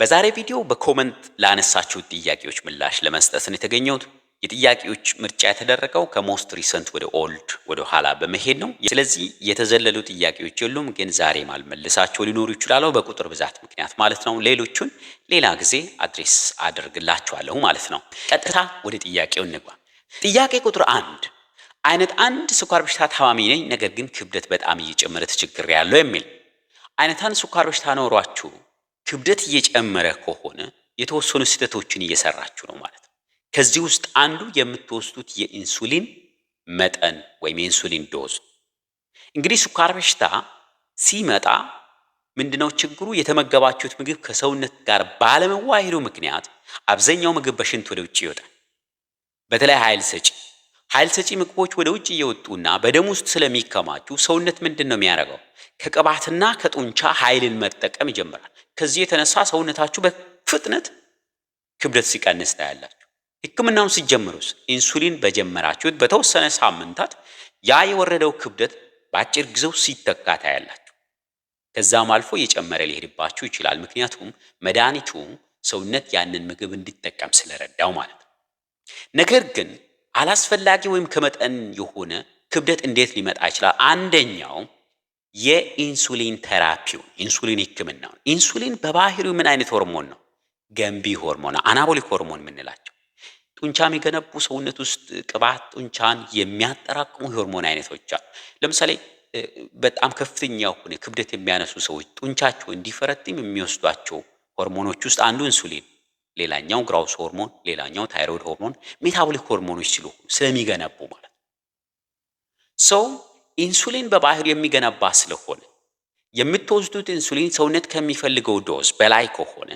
በዛሬ ቪዲዮ በኮመንት ላነሳችሁት ጥያቄዎች ምላሽ ለመስጠት ነው የተገኘሁት። የጥያቄዎች ምርጫ የተደረገው ከሞስት ሪሰንት ወደ ኦልድ ወደ ኋላ በመሄድ ነው። ስለዚህ የተዘለሉ ጥያቄዎች የሉም፣ ግን ዛሬ ማልመልሳቸው ሊኖሩ ይችላሉ፣ በቁጥር ብዛት ምክንያት ማለት ነው። ሌሎቹን ሌላ ጊዜ አድሬስ አደርግላችኋለሁ ማለት ነው። ቀጥታ ወደ ጥያቄው እንግባ። ጥያቄ ቁጥር አንድ አይነት አንድ ስኳር በሽታ ታማሚ ነኝ፣ ነገር ግን ክብደት በጣም እየጨመረ ያለው የሚል አይነት አንድ ስኳር በሽታ ኖሯችሁ ክብደት እየጨመረ ከሆነ የተወሰኑ ስህተቶችን እየሰራችሁ ነው ማለት ነው። ከዚህ ውስጥ አንዱ የምትወስዱት የኢንሱሊን መጠን ወይም የኢንሱሊን ዶዝ። እንግዲህ ስኳር በሽታ ሲመጣ ምንድነው ችግሩ? የተመገባችሁት ምግብ ከሰውነት ጋር ባለመዋሄዱ ምክንያት አብዛኛው ምግብ በሽንት ወደ ውጭ ይወጣል። በተለይ ኃይል ሰጪ ኃይል ሰጪ ምግቦች ወደ ውጭ እየወጡና በደም ውስጥ ስለሚከማቹ ሰውነት ምንድን ነው የሚያደርገው? ከቅባትና ከጡንቻ ኃይልን መጠቀም ይጀምራል። ከዚህ የተነሳ ሰውነታችሁ በፍጥነት ክብደት ሲቀንስ ታያላችሁ። ህክምናውን ሲጀምሩስ ኢንሱሊን በጀመራችሁት በተወሰነ ሳምንታት ያ የወረደው ክብደት በአጭር ጊዜው ሲተካ ታያላችሁ። ከዛም አልፎ እየጨመረ ሊሄድባችሁ ይችላል። ምክንያቱም መድኃኒቱ ሰውነት ያንን ምግብ እንዲጠቀም ስለረዳው ማለት ነው። ነገር ግን አላስፈላጊ ወይም ከመጠን የሆነ ክብደት እንዴት ሊመጣ ይችላል? አንደኛው የኢንሱሊን ተራፒውን ኢንሱሊን ህክምናውን ኢንሱሊን በባህሪው ምን አይነት ሆርሞን ነው? ገንቢ ሆርሞን አናቦሊክ ሆርሞን የምንላቸው ጡንቻ የሚገነቡ ሰውነት ውስጥ ቅባት ጡንቻን የሚያጠራቅሙ የሆርሞን አይነቶች አሉ። ለምሳሌ በጣም ከፍተኛ የሆነ ክብደት የሚያነሱ ሰዎች ጡንቻቸው እንዲፈረጥም የሚወስዷቸው ሆርሞኖች ውስጥ አንዱ ኢንሱሊን፣ ሌላኛው ግራውስ ሆርሞን፣ ሌላኛው ታይሮይድ ሆርሞን ሜታቦሊክ ሆርሞኖች ሲሉ ስለሚገነቡ ማለት ነው ሰው ኢንሱሊን በባህር የሚገነባ ስለሆነ የምትወስዱት ኢንሱሊን ሰውነት ከሚፈልገው ዶዝ በላይ ከሆነ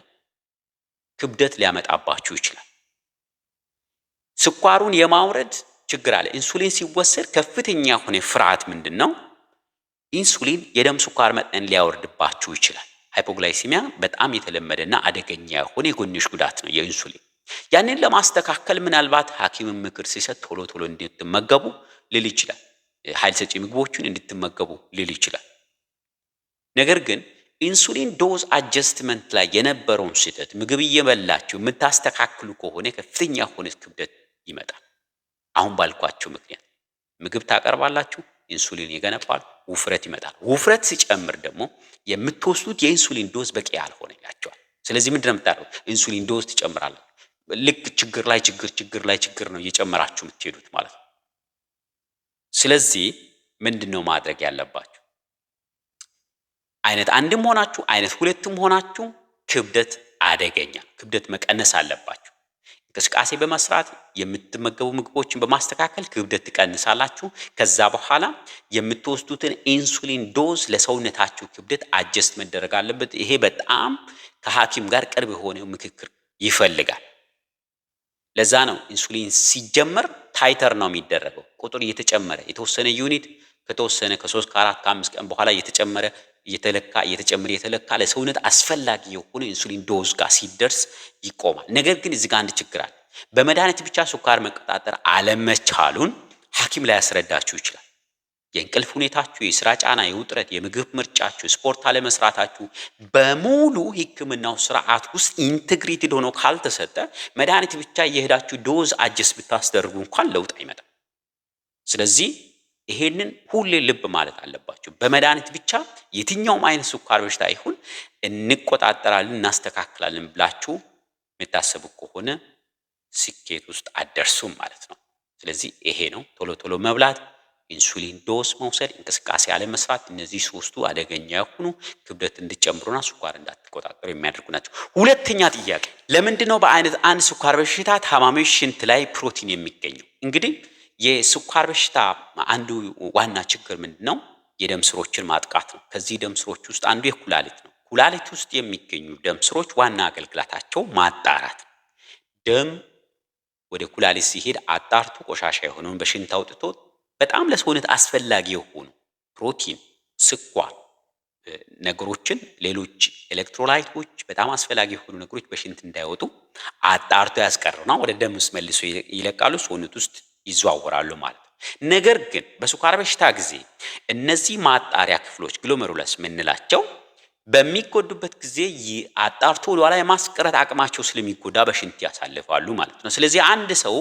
ክብደት ሊያመጣባችሁ ይችላል። ስኳሩን የማውረድ ችግር አለ። ኢንሱሊን ሲወሰድ ከፍተኛ የሆነ ፍርሃት ምንድን ነው? ኢንሱሊን የደም ስኳር መጠን ሊያወርድባችሁ ይችላል። ሃይፖግላይሲሚያ በጣም የተለመደና አደገኛ የሆነ የጎንዮሽ ጉዳት ነው የኢንሱሊን። ያንን ለማስተካከል ምናልባት ሐኪምን ምክር ሲሰጥ ቶሎ ቶሎ እንድትመገቡ ልል ይችላል። ኃይል ሰጪ ምግቦችን እንድትመገቡ ሊል ይችላል። ነገር ግን ኢንሱሊን ዶዝ አጀስትመንት ላይ የነበረውን ስህተት ምግብ እየበላችሁ የምታስተካክሉ ከሆነ ከፍተኛ የሆነ ክብደት ይመጣል። አሁን ባልኳቸው ምክንያት ምግብ ታቀርባላችሁ፣ ኢንሱሊን ይገነባል፣ ውፍረት ይመጣል። ውፍረት ሲጨምር ደግሞ የምትወስዱት የኢንሱሊን ዶዝ በቂ ያልሆነ ያቸዋል። ስለዚህ ምንድነው የምታደርጉት? ኢንሱሊን ዶዝ ትጨምራለ። ልክ ችግር ላይ ችግር ችግር ላይ ችግር ነው እየጨመራችሁ የምትሄዱት ማለት ነው። ስለዚህ ምንድን ነው ማድረግ ያለባችሁ? አይነት አንድም ሆናችሁ አይነት ሁለትም ሆናችሁ ክብደት አደገኛ ክብደት መቀነስ አለባችሁ። እንቅስቃሴ በመስራት የምትመገቡ ምግቦችን በማስተካከል ክብደት ትቀንሳላችሁ። ከዛ በኋላ የምትወስዱትን ኢንሱሊን ዶዝ ለሰውነታችሁ ክብደት አጀስት መደረግ አለበት። ይሄ በጣም ከሐኪም ጋር ቅርብ የሆነ ምክክር ይፈልጋል። ለዛ ነው ኢንሱሊን ሲጀመር ታይተር ነው የሚደረገው። ቁጥር እየተጨመረ የተወሰነ ዩኒት ከተወሰነ ከሶስት ከአራት ከአምስት ቀን በኋላ እየተጨመረ እየተለካ እየተጨመረ እየተለካ ለሰውነት አስፈላጊ የሆነ ኢንሱሊን ዶዝ ጋር ሲደርስ ይቆማል። ነገር ግን እዚህ ጋር አንድ ችግር አለ። በመድኃኒት ብቻ ሱካር መቆጣጠር አለመቻሉን ሐኪም ላይ ያስረዳችሁ ይችላል። የእንቅልፍ ሁኔታችሁ፣ የስራ ጫና፣ የውጥረት፣ የምግብ ምርጫችሁ፣ ስፖርት አለመስራታችሁ በሙሉ ህክምናው ስርዓት ውስጥ ኢንትግሬትድ ሆኖ ካልተሰጠ መድኃኒት ብቻ እየሄዳችሁ ዶዝ አጀስ ብታስደርጉ እንኳን ለውጥ አይመጣም። ስለዚህ ይሄንን ሁሌ ልብ ማለት አለባችሁ። በመድኃኒት ብቻ የትኛውም አይነት ስኳር በሽታ ይሁን እንቆጣጠራለን፣ እናስተካክላለን ብላችሁ የምታስቡ ከሆነ ስኬት ውስጥ አደርሱም ማለት ነው። ስለዚህ ይሄ ነው ቶሎ ቶሎ መብላት ኢንሱሊን ዶስ መውሰድ፣ እንቅስቃሴ አለመስራት፣ እነዚህ ሶስቱ አደገኛ የሆኑ ክብደት እንድጨምሩና ስኳር እንዳትቆጣጠሩ የሚያደርጉ ናቸው። ሁለተኛ ጥያቄ ለምንድን ነው በአይነት አንድ ስኳር በሽታ ታማሚዎች ሽንት ላይ ፕሮቲን የሚገኘው? እንግዲህ የስኳር በሽታ አንዱ ዋና ችግር ምንድን ነው? የደም ስሮችን ማጥቃት ነው። ከዚህ ደም ስሮች ውስጥ አንዱ የኩላሊት ነው። ኩላሊት ውስጥ የሚገኙ ደም ስሮች ዋና አገልግላታቸው ማጣራት ደም ወደ ኩላሊት ሲሄድ አጣርቶ ቆሻሻ የሆነውን በሽንት አውጥቶ በጣም ለሰውነት አስፈላጊ የሆኑ ፕሮቲን፣ ስኳር ነገሮችን ሌሎች ኤሌክትሮላይቶች በጣም አስፈላጊ የሆኑ ነገሮች በሽንት እንዳይወጡ አጣርቶ ያስቀርና ወደ ደም ውስጥ መልሶ ይለቃሉ፣ ሰውነት ውስጥ ይዘዋወራሉ ማለት ነው። ነገር ግን በስኳር በሽታ ጊዜ እነዚህ ማጣሪያ ክፍሎች ግሎመሩለስ የምንላቸው በሚጎዱበት ጊዜ አጣርቶ ወደኋላ የማስቀረት አቅማቸው ስለሚጎዳ በሽንት ያሳልፋሉ ማለት ነው። ስለዚህ አንድ ሰው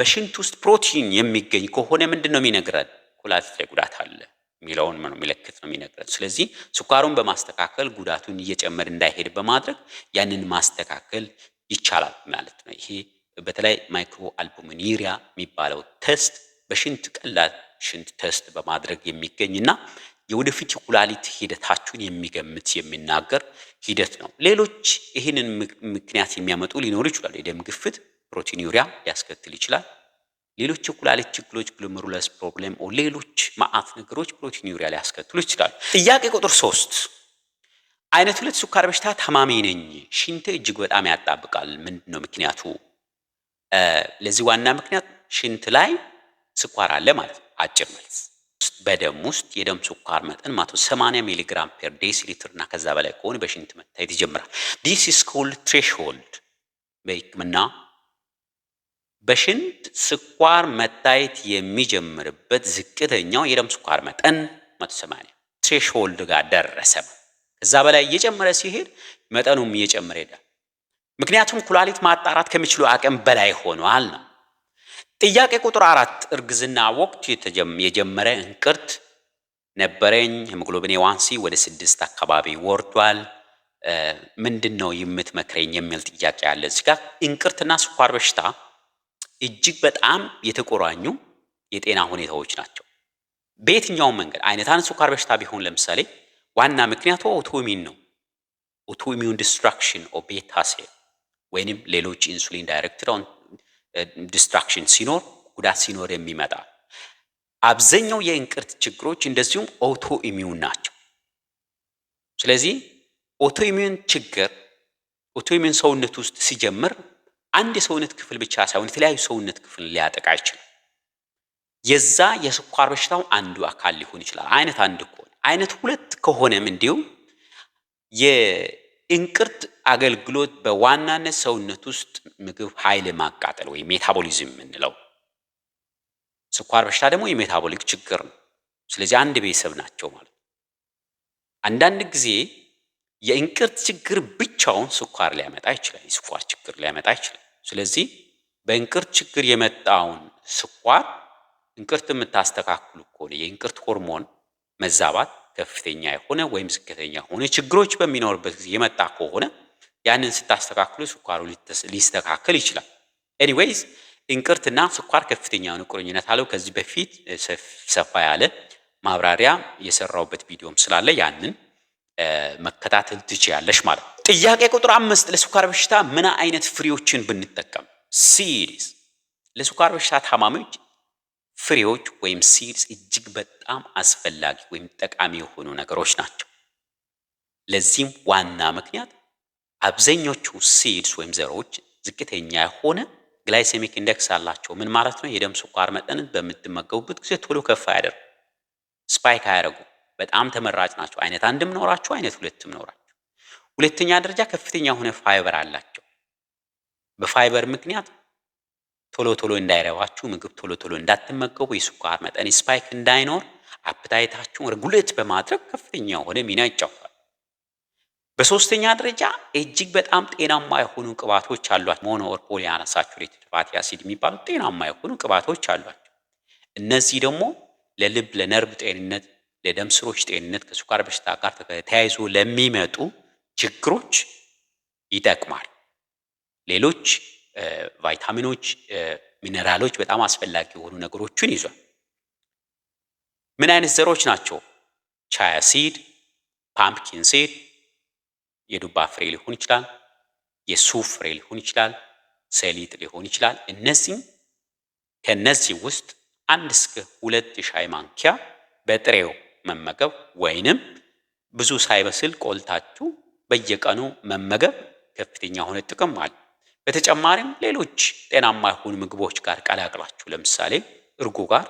በሽንት ውስጥ ፕሮቲን የሚገኝ ከሆነ ምንድን ነው የሚነግረን? ኩላሊት ላይ ጉዳት አለ የሚለውን ነው የሚለክት ነው የሚነግረን። ስለዚህ ስኳሩን በማስተካከል ጉዳቱን እየጨመር እንዳይሄድ በማድረግ ያንን ማስተካከል ይቻላል ማለት ነው። ይሄ በተለይ ማይክሮ አልቡሚኒሪያ የሚባለው ተስት በሽንት ቀላል ሽንት ተስት በማድረግ የሚገኝ እና የወደፊት የኩላሊት ሂደታችሁን የሚገምት የሚናገር ሂደት ነው። ሌሎች ይህንን ምክንያት የሚያመጡ ሊኖሩ ይችላሉ። የደም ግፍት፣ ፕሮቲን ዩሪያ ሊያስከትል ይችላል። ሌሎች የኩላሊት ችግሮች ግሎሜሩለስ ፕሮብሌም፣ ሌሎች ማአት ነገሮች ዩሪያ ሊያስከትሉ ይችላሉ። ጥያቄ ቁጥር ሶስት አይነት ሁለት ስኳር በሽታ ታማሚ ነኝ። ሽንቴ እጅግ በጣም ያጣብቃል። ምንድን ነው ምክንያቱ? ለዚህ ዋና ምክንያት ሽንት ላይ ስኳር አለ ማለት ነው። አጭር መልስ በደም ውስጥ የደም ስኳር መጠን ማለት 80 ሚሊግራም ፐር ዴሲ ሊትር እና ከዛ በላይ ከሆነ በሽንት መታየት ይጀምራል። ዲስ ኢስ ኮልድ ትሬሽሆልድ በሕክምና በሽንት ስኳር መታየት የሚጀምርበት ዝቅተኛው የደም ስኳር መጠን 180 ትሬሽሆልድ ጋር ደረሰ። ከዛ በላይ እየጨመረ ሲሄድ መጠኑም እየጨመረ ሄዳል። ምክንያቱም ኩላሊት ማጣራት ከሚችሉ አቅም በላይ ሆኗል ነው ጥያቄ ቁጥር አራት እርግዝና ወቅት የጀመረ እንቅርት ነበረኝ። ሄሞግሎቢን ዋንሲ ወደ ስድስት አካባቢ ወርዷል። ምንድን ነው የምትመክረኝ የሚል ጥያቄ አለ። እዚህ ጋር እንቅርትና ስኳር በሽታ እጅግ በጣም የተቆራኙ የጤና ሁኔታዎች ናቸው። በየትኛውም መንገድ አይነት አንድ ስኳር በሽታ ቢሆን ለምሳሌ ዋና ምክንያቱ ኦቶሚን ነው። ኦቶሚን ዲስትራክሽን ኦፍ ቤታ ሴል ወይንም ሌሎች ኢንሱሊን ዳይሬክትድ ዲስትራክሽን ሲኖር ጉዳት ሲኖር የሚመጣ አብዛኛው የእንቅርት ችግሮች እንደዚሁም ኦቶ ኢሚዩን ናቸው። ስለዚህ ኦቶ ኢሚዩን ችግር ኦቶ ኢሚዩን ሰውነት ውስጥ ሲጀምር አንድ የሰውነት ክፍል ብቻ ሳይሆን የተለያዩ ሰውነት ክፍል ሊያጠቃ ይችላል። የዛ የስኳር በሽታው አንዱ አካል ሊሆን ይችላል። አይነት አንድ ከሆነ አይነት ሁለት ከሆነም እንዲሁም እንቅርት አገልግሎት በዋናነት ሰውነት ውስጥ ምግብ ኃይል ማቃጠል ወይም ሜታቦሊዝም የምንለው። ስኳር በሽታ ደግሞ የሜታቦሊክ ችግር ነው። ስለዚህ አንድ ቤተሰብ ናቸው ማለት ነው። አንዳንድ ጊዜ የእንቅርት ችግር ብቻውን ስኳር ሊያመጣ ይችላል፣ የስኳር ችግር ሊያመጣ ይችላል። ስለዚህ በእንቅርት ችግር የመጣውን ስኳር እንቅርት የምታስተካክሉ ከሆነ የእንቅርት ሆርሞን መዛባት ከፍተኛ የሆነ ወይም ዝቅተኛ የሆነ ችግሮች በሚኖርበት ጊዜ የመጣ ከሆነ ያንን ስታስተካክሉ ስኳሩ ሊስተካከል ይችላል። ኤኒዌይዝ እንቅርትና ስኳር ከፍተኛ የሆነ ቁርኝነት አለው። ከዚህ በፊት ሰፋ ያለ ማብራሪያ የሰራውበት ቪዲዮም ስላለ ያንን መከታተል ትችያለሽ ማለት ነው። ጥያቄ ቁጥር አምስት ለስኳር በሽታ ምን አይነት ፍሬዎችን ብንጠቀም ሲሪስ ለስኳር በሽታ ታማሚዎች ፍሬዎች ወይም ሲድስ እጅግ በጣም አስፈላጊ ወይም ጠቃሚ የሆኑ ነገሮች ናቸው። ለዚህም ዋና ምክንያት አብዛኞቹ ሲድስ ወይም ዘሮች ዝቅተኛ የሆነ ግላይሴሚክ ኢንደክስ አላቸው። ምን ማለት ነው? የደም ስኳር መጠንን በምትመገቡበት ጊዜ ቶሎ ከፍ አያደርጉ፣ ስፓይክ አያደርጉ። በጣም ተመራጭ ናቸው። አይነት አንድም ኖራቸው አይነት ሁለትም ኖራቸው። ሁለተኛ ደረጃ ከፍተኛ የሆነ ፋይበር አላቸው። በፋይበር ምክንያት ቶሎ ቶሎ እንዳይረባችሁ ምግብ ቶሎ ቶሎ እንዳትመገቡ፣ የስኳር መጠን ስፓይክ እንዳይኖር አፕታይታችሁን ረጉሌት በማድረግ ከፍተኛ የሆነ ሚና ይጫወታል። በሶስተኛ ደረጃ እጅግ በጣም ጤናማ የሆኑ ቅባቶች አሏቸው። ሞኖ ኦር ፖሊ አንሳቹሬትድ ፋቲ አሲድ የሚባሉ ጤናማ የሆኑ ቅባቶች አሏቸው። እነዚህ ደግሞ ለልብ፣ ለነርቭ ጤንነት፣ ለደም ስሮች ጤንነት ከስኳር በሽታ ጋር ተያይዞ ለሚመጡ ችግሮች ይጠቅማል። ሌሎች ቫይታሚኖች፣ ሚነራሎች በጣም አስፈላጊ የሆኑ ነገሮችን ይዟል። ምን አይነት ዘሮች ናቸው? ቻያ ሲድ፣ ፓምፕኪን ሲድ፣ የዱባ ፍሬ ሊሆን ይችላል፣ የሱፍ ፍሬ ሊሆን ይችላል፣ ሰሊጥ ሊሆን ይችላል። እነዚህ ከነዚህ ውስጥ አንድ እስከ ሁለት የሻይ ማንኪያ በጥሬው መመገብ ወይንም ብዙ ሳይበስል ቆልታችሁ በየቀኑ መመገብ ከፍተኛ የሆነ ጥቅም አለ። በተጨማሪም ሌሎች ጤናማ የሆኑ ምግቦች ጋር ቀላቅላችሁ ለምሳሌ እርጎ ጋር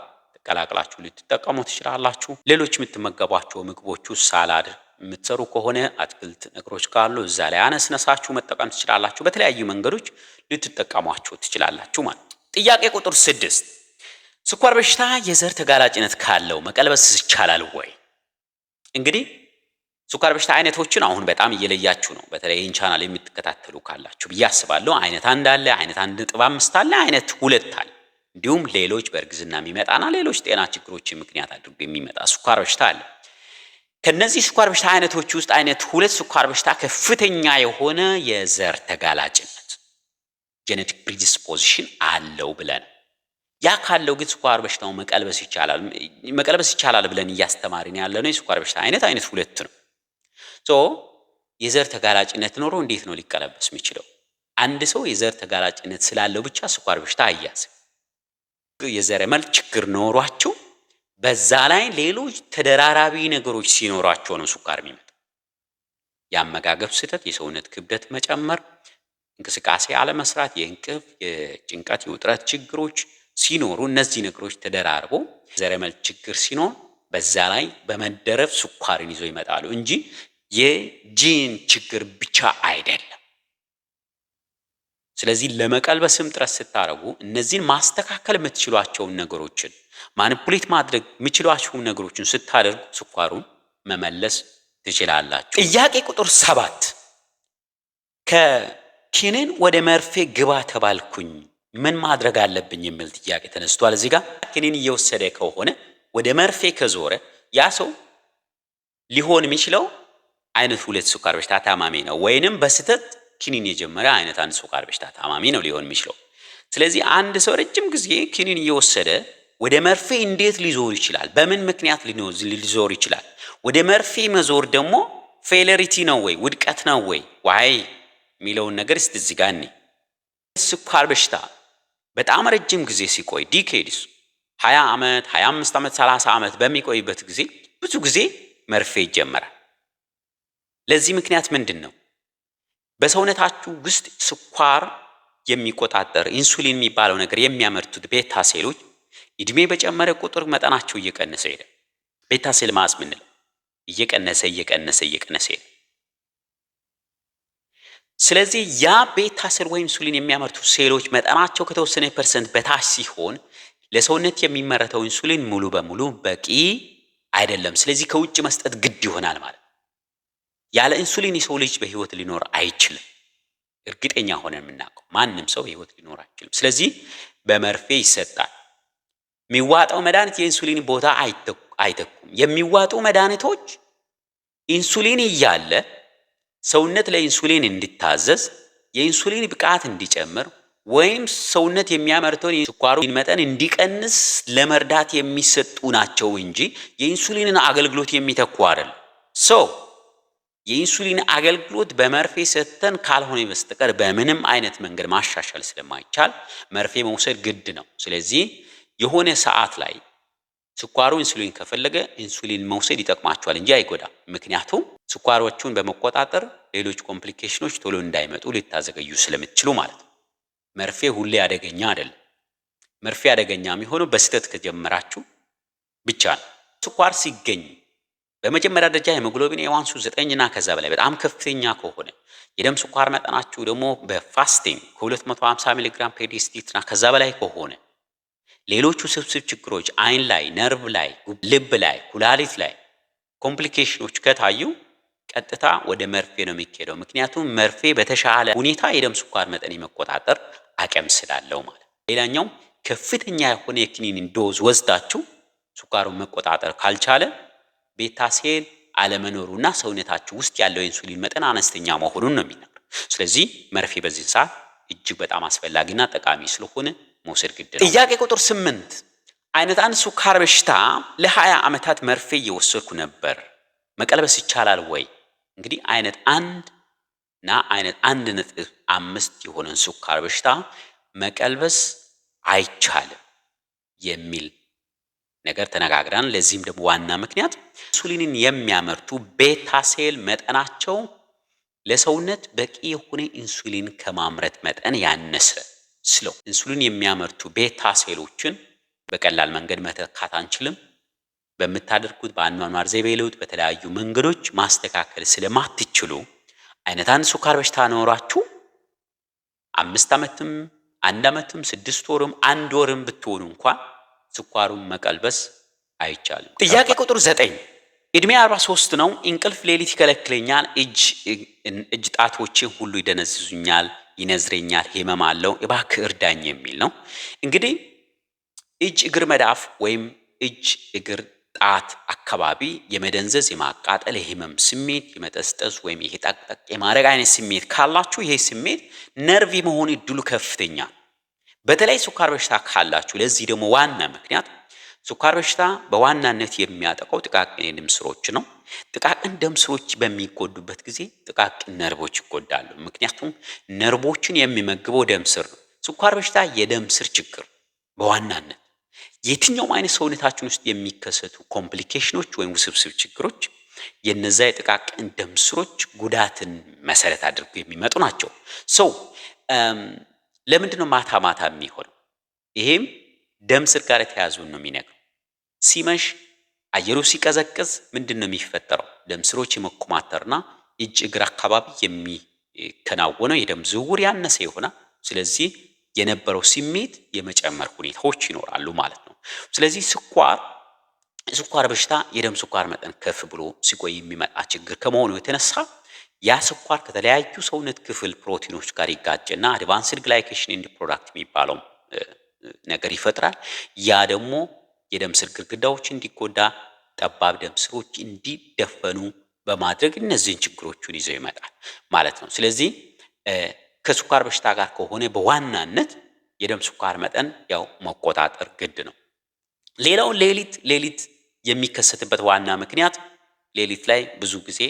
ቀላቅላችሁ ልትጠቀሙ ትችላላችሁ። ሌሎች የምትመገቧቸው ምግቦች ውስጥ ሳላድ የምትሰሩ ከሆነ አትክልት ነገሮች ካሉ እዛ ላይ አነስነሳችሁ መጠቀም ትችላላችሁ። በተለያዩ መንገዶች ልትጠቀሟቸው ትችላላችሁ ማለት ነው። ጥያቄ ቁጥር ስድስት ስኳር በሽታ የዘር ተጋላጭነት ካለው መቀልበስ ይቻላል ወይ? እንግዲህ ስኳር በሽታ አይነቶችን አሁን በጣም እየለያችሁ ነው። በተለይ ይህን ቻናል የምትከታተሉ ካላችሁ ብዬ አስባለሁ። አይነት አንድ አለ፣ አይነት አንድ ነጥብ አምስት አለ፣ አይነት ሁለት አለ። እንዲሁም ሌሎች በእርግዝና የሚመጣና ሌሎች ጤና ችግሮችን ምክንያት አድርጎ የሚመጣ ስኳር በሽታ አለ። ከነዚህ ስኳር በሽታ አይነቶች ውስጥ አይነት ሁለት ስኳር በሽታ ከፍተኛ የሆነ የዘር ተጋላጭነት ጄኔቲክ ፕሪዲስፖዚሽን አለው ብለን ያ ካለው ግን ስኳር በሽታው መቀልበስ ይቻላል መቀልበስ ይቻላል ብለን እያስተማርን ያለነው የስኳር በሽታ አይነት አይነት ሁለት ነው። ሶ የዘር ተጋላጭነት ኖሮ እንዴት ነው ሊቀለበስ የሚችለው? አንድ ሰው የዘር ተጋላጭነት ስላለው ብቻ ስኳር በሽታ አያዝ የዘረመል ችግር ኖሯቸው በዛ ላይ ሌሎች ተደራራቢ ነገሮች ሲኖሯቸው ነው ስኳር የሚመጣው የአመጋገብ ስህተት፣ የሰውነት ክብደት መጨመር፣ እንቅስቃሴ አለመስራት፣ የእንቅፍ፣ የጭንቀት፣ የውጥረት ችግሮች ሲኖሩ እነዚህ ነገሮች ተደራርቦ ዘረመል ችግር ሲኖር በዛ ላይ በመደረብ ስኳርን ይዞ ይመጣሉ እንጂ የጂን ችግር ብቻ አይደለም። ስለዚህ ለመቀልበስም ጥረት ስታደርጉ እነዚህን ማስተካከል የምትችሏቸውን ነገሮችን ማኒፑሌት ማድረግ የምችሏቸውን ነገሮችን ስታደርጉ ስኳሩን መመለስ ትችላላችሁ። ጥያቄ ቁጥር ሰባት ከኪኒን ወደ መርፌ ግባ ተባልኩኝ ምን ማድረግ አለብኝ የሚል ጥያቄ ተነስቷል። እዚህ ጋር ኪኒን እየወሰደ ከሆነ ወደ መርፌ ከዞረ ያ ሰው ሊሆን የሚችለው አይነት ሁለት ስኳር በሽታ ታማሚ ነው ወይንም በስህተት ኪኒን የጀመረ አይነት አንድ ስኳር በሽታ ታማሚ ነው ሊሆን የሚችለው። ስለዚህ አንድ ሰው ረጅም ጊዜ ኪኒን እየወሰደ ወደ መርፌ እንዴት ሊዞር ይችላል? በምን ምክንያት ሊዞር ይችላል? ወደ መርፌ መዞር ደግሞ ፌለሪቲ ነው ወይ ውድቀት ነው ወይ ዋይ የሚለውን ነገር እስቲ እዚህ ጋር እኔ ስኳር በሽታ በጣም ረጅም ጊዜ ሲቆይ ዲኬድስ 20 ዓመት 25 ዓመት 30 ዓመት በሚቆይበት ጊዜ ብዙ ጊዜ መርፌ ይጀመራል። ለዚህ ምክንያት ምንድን ነው? በሰውነታችሁ ውስጥ ስኳር የሚቆጣጠር ኢንሱሊን የሚባለው ነገር የሚያመርቱት ቤታ ሴሎች እድሜ በጨመረ ቁጥር መጠናቸው እየቀነሰ ሄደ። ቤታ ሴል ማስ ምንለው እየቀነሰ እየቀነሰ እየቀነሰ ሄደ። ስለዚህ ያ ቤታ ሴል ወይ ኢንሱሊን የሚያመርቱ ሴሎች መጠናቸው ከተወሰነ ፐርሰንት በታች ሲሆን ለሰውነት የሚመረተው ኢንሱሊን ሙሉ በሙሉ በቂ አይደለም። ስለዚህ ከውጭ መስጠት ግድ ይሆናል ማለት ያለ ኢንሱሊን የሰው ልጅ በህይወት ሊኖር አይችልም። እርግጠኛ ሆነ የምናውቀው ማንም ሰው በህይወት ሊኖር አይችልም። ስለዚህ በመርፌ ይሰጣል። የሚዋጣው መድኃኒት የኢንሱሊን ቦታ አይተኩም። የሚዋጡ መድኃኒቶች ኢንሱሊን እያለ ሰውነት ለኢንሱሊን እንዲታዘዝ የኢንሱሊን ብቃት እንዲጨምር ወይም ሰውነት የሚያመርተውን የስኳሩን መጠን እንዲቀንስ ለመርዳት የሚሰጡ ናቸው እንጂ የኢንሱሊንን አገልግሎት የሚተኩ አይደለም። የኢንሱሊን አገልግሎት በመርፌ ሰጥተን ካልሆነ በስተቀር በምንም አይነት መንገድ ማሻሻል ስለማይቻል መርፌ መውሰድ ግድ ነው። ስለዚህ የሆነ ሰዓት ላይ ስኳሩ ኢንሱሊን ከፈለገ ኢንሱሊን መውሰድ ይጠቅማቸዋል እንጂ አይጎዳም። ምክንያቱም ስኳሮቹን በመቆጣጠር ሌሎች ኮምፕሊኬሽኖች ቶሎ እንዳይመጡ ልታዘገዩ ስለምትችሉ ማለት ነው። መርፌ ሁሌ አደገኛ አይደለም። መርፌ አደገኛ የሚሆነው በስህተት ከጀመራችሁ ብቻ ነው። ስኳር ሲገኝ በመጀመሪያ ደረጃ ሄሞግሎቢን ኤዋንሱ እና ከዛ በላይ በጣም ከፍተኛ ከሆነ የደም ስኳር መጠናችሁ ደግሞ በፋስቲንግ ከ250 ሚሊግራም እና ከዛ በላይ ከሆነ ሌሎቹ ስብስብ ችግሮች አይን ላይ፣ ነርቭ ላይ፣ ልብ ላይ፣ ኩላሊት ላይ ኮምፕሊኬሽኖች ከታዩ ቀጥታ ወደ መርፌ ነው የሚካሄደው። ምክንያቱም መርፌ በተሻለ ሁኔታ የደም ስኳር መጠን የመቆጣጠር አቅም ስላለው ማለት። ሌላኛው ከፍተኛ የሆነ የክኒን ዶዝ ወስዳችሁ ስኳሩን መቆጣጠር ካልቻለ ቤታ ሴል አለመኖሩና ሰውነታችሁ ውስጥ ያለው ኢንሱሊን መጠን አነስተኛ መሆኑን ነው የሚናገር። ስለዚህ መርፌ በዚህ ሰዓት እጅግ በጣም አስፈላጊና ጠቃሚ ስለሆነ መውሰድ ግድ ነው። ጥያቄ ቁጥር ስምንት አይነት አንድ ስኳር በሽታ ለሀያ ዓመታት መርፌ እየወሰድኩ ነበር መቀልበስ ይቻላል ወይ? እንግዲህ አይነት አንድ እና አይነት አንድ ነጥብ አምስት የሆነን ስኳር በሽታ መቀልበስ አይቻልም የሚል ነገር ተነጋግረናል። ለዚህም ደግሞ ዋና ምክንያት ኢንሱሊንን የሚያመርቱ ቤታ ሴል መጠናቸው ለሰውነት በቂ የሆነ ኢንሱሊን ከማምረት መጠን ያነሰ ስለው ኢንሱሊን የሚያመርቱ ቤታ ሴሎችን በቀላል መንገድ መተካት አንችልም። በምታደርጉት በአኗኗር ዘይቤ ለውጥ፣ በተለያዩ መንገዶች ማስተካከል ስለማትችሉ አይነት አንድ ስኳር በሽታ ኖሯችሁ አምስት ዓመትም አንድ ዓመትም ስድስት ወርም አንድ ወርም ብትሆኑ እንኳን ስኳሩን መቀልበስ አይቻልም። ጥያቄ ቁጥር ዘጠኝ እድሜ 43 ነው። እንቅልፍ ሌሊት ይከለክለኛል። እጅ እጅ ጣቶቼ ሁሉ ይደነዝዙኛል፣ ይነዝረኛል፣ ህመም አለው። እባክህ እርዳኝ የሚል ነው። እንግዲህ እጅ እግር መዳፍ ወይም እጅ እግር ጣት አካባቢ የመደንዘዝ የማቃጠል የህመም ስሜት የመጠስጠስ ወይም ይሄ ጠቅጠቅ የማድረግ አይነት ስሜት ካላችሁ ይሄ ስሜት ነርቭ የመሆን እድሉ ከፍተኛ በተለይ ስኳር በሽታ ካላችሁ ለዚህ ደግሞ ዋና ምክንያት ስኳር በሽታ በዋናነት የሚያጠቃው ጥቃቅን የደም ስሮች ነው። ጥቃቅን ደም ስሮች በሚጎዱበት ጊዜ ጥቃቅን ነርቦች ይጎዳሉ። ምክንያቱም ነርቦችን የሚመግበው ደም ስር ነው። ስኳር በሽታ የደም ስር ችግር በዋናነት የትኛውም አይነት ሰውነታችን ውስጥ የሚከሰቱ ኮምፕሊኬሽኖች ወይም ውስብስብ ችግሮች የነዛ የጥቃቅን ደም ስሮች ጉዳትን መሰረት አድርገው የሚመጡ ናቸው ሰው ለምንድን ነው ማታ ማታ የሚሆነው? ይሄም ደም ስር ጋር የተያዙን ነው የሚነግሩ። ሲመሽ አየሩ ሲቀዘቅዝ ምንድን ነው የሚፈጠረው? ደም ስሮች የመኮማተርና እጅ እግር አካባቢ የሚከናወነው የደም ዝውውር ያነሰ ይሆናል። ስለዚህ የነበረው ስሜት የመጨመር ሁኔታዎች ይኖራሉ ማለት ነው። ስለዚህ ስኳር ስኳር በሽታ የደም ስኳር መጠን ከፍ ብሎ ሲቆይ የሚመጣ ችግር ከመሆኑ የተነሳ ያ ስኳር ከተለያዩ ሰውነት ክፍል ፕሮቲኖች ጋር ይጋጭና አድቫንስድ ግላይኬሽን ኤንድ ፕሮዳክት የሚባለው ነገር ይፈጥራል። ያ ደግሞ የደም ስር ግድግዳዎች እንዲጎዳ፣ ጠባብ ደም ስሮች እንዲደፈኑ በማድረግ እነዚህን ችግሮቹን ይዘው ይመጣል ማለት ነው። ስለዚህ ከስኳር በሽታ ጋር ከሆነ በዋናነት የደም ስኳር መጠን ያው መቆጣጠር ግድ ነው። ሌላውን ሌሊት ሌሊት የሚከሰትበት ዋና ምክንያት ሌሊት ላይ ብዙ ጊዜ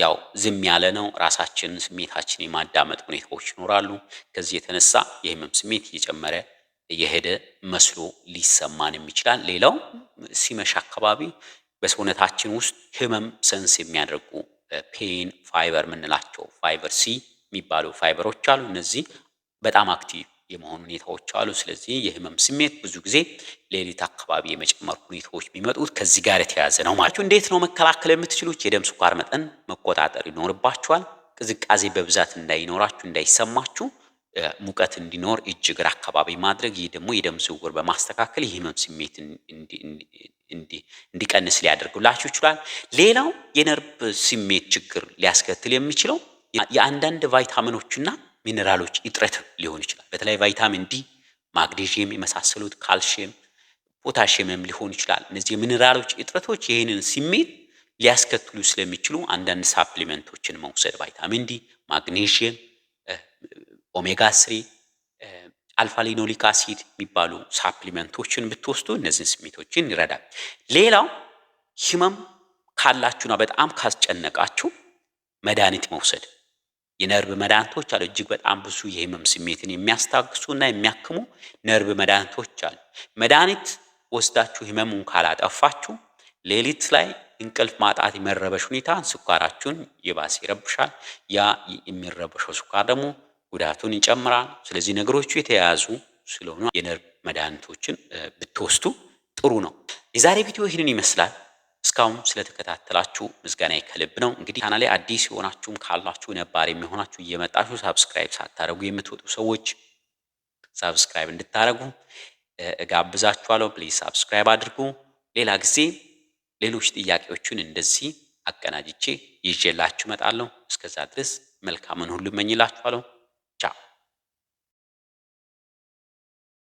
ያው ዝም ያለ ነው። ራሳችን ስሜታችን የማዳመጥ ሁኔታዎች ይኖራሉ። ከዚህ የተነሳ የህመም ስሜት እየጨመረ እየሄደ መስሎ ሊሰማንም ይችላል። ሌላው ሲመሽ አካባቢ በሰውነታችን ውስጥ ህመም ሰንስ የሚያደርጉ ፔን ፋይበር የምንላቸው ፋይበር ሲ የሚባሉ ፋይበሮች አሉ። እነዚህ በጣም አክቲቭ የመሆን ሁኔታዎች አሉ። ስለዚህ የህመም ስሜት ብዙ ጊዜ ሌሊት አካባቢ የመጨመር ሁኔታዎች የሚመጡት ከዚህ ጋር የተያያዘ ነው ማለት ነው። እንዴት ነው መከላከል የምትችሉት? የደም ስኳር መጠን መቆጣጠር ይኖርባችኋል። ቅዝቃዜ በብዛት እንዳይኖራችሁ እንዳይሰማችሁ፣ ሙቀት እንዲኖር እጅ እግር አካባቢ ማድረግ። ይህ ደግሞ የደም ዝውውር በማስተካከል የህመም ስሜት እንዲቀንስ ሊያደርግላችሁ ይችላል። ሌላው የነርቭ ስሜት ችግር ሊያስከትል የሚችለው የአንዳንድ ቫይታሚኖችና ሚኔራሎች እጥረት ሊሆን ይችላል። በተለይ ቫይታሚን ዲ፣ ማግኔዥየም የመሳሰሉት ካልሽየም፣ ፖታሽየምም ሊሆን ይችላል። እነዚህ የሚኔራሎች እጥረቶች ይህንን ስሜት ሊያስከትሉ ስለሚችሉ አንዳንድ ሳፕሊመንቶችን መውሰድ ቫይታሚን ዲ፣ ማግኔዥየም፣ ኦሜጋ ስሪ፣ አልፋ ሊኖሊክ አሲድ የሚባሉ ሳፕሊመንቶችን ብትወስዱ እነዚህን ስሜቶችን ይረዳል። ሌላው ህመም ካላችሁና በጣም ካስጨነቃችሁ መድኃኒት መውሰድ የነርቭ መድኃኒቶች አሉ። እጅግ በጣም ብዙ የህመም ስሜትን የሚያስታግሱ እና የሚያክሙ ነርቭ መድኃኒቶች አሉ። መድኃኒት ወስዳችሁ ህመሙን ካላጠፋችሁ ሌሊት ላይ እንቅልፍ ማጣት የመረበሽ ሁኔታ ስኳራችሁን የባስ ይረብሻል። ያ የሚረበሸው ስኳር ደግሞ ጉዳቱን ይጨምራል። ስለዚህ ነገሮቹ የተያያዙ ስለሆኑ የነርቭ መድኃኒቶችን ብትወስዱ ጥሩ ነው። የዛሬ ቪዲዮ ይህንን ይመስላል። እስካሁን ስለተከታተላችሁ ምስጋና ከልብ ነው። እንግዲህ ካናሌ አዲስ የሆናችሁም ካላችሁ ነባር የሚሆናችሁ እየመጣችሁ ሳብስክራይብ ሳታደረጉ የምትወጡ ሰዎች ሳብስክራይብ እንድታደረጉ እጋብዛችኋለሁ። ፕሊዝ ሳብስክራይብ አድርጉ። ሌላ ጊዜ ሌሎች ጥያቄዎችን እንደዚህ አቀናጅቼ ይዤላችሁ እመጣለሁ። እስከዛ ድረስ መልካምን ሁሉ እመኝላችኋለሁ።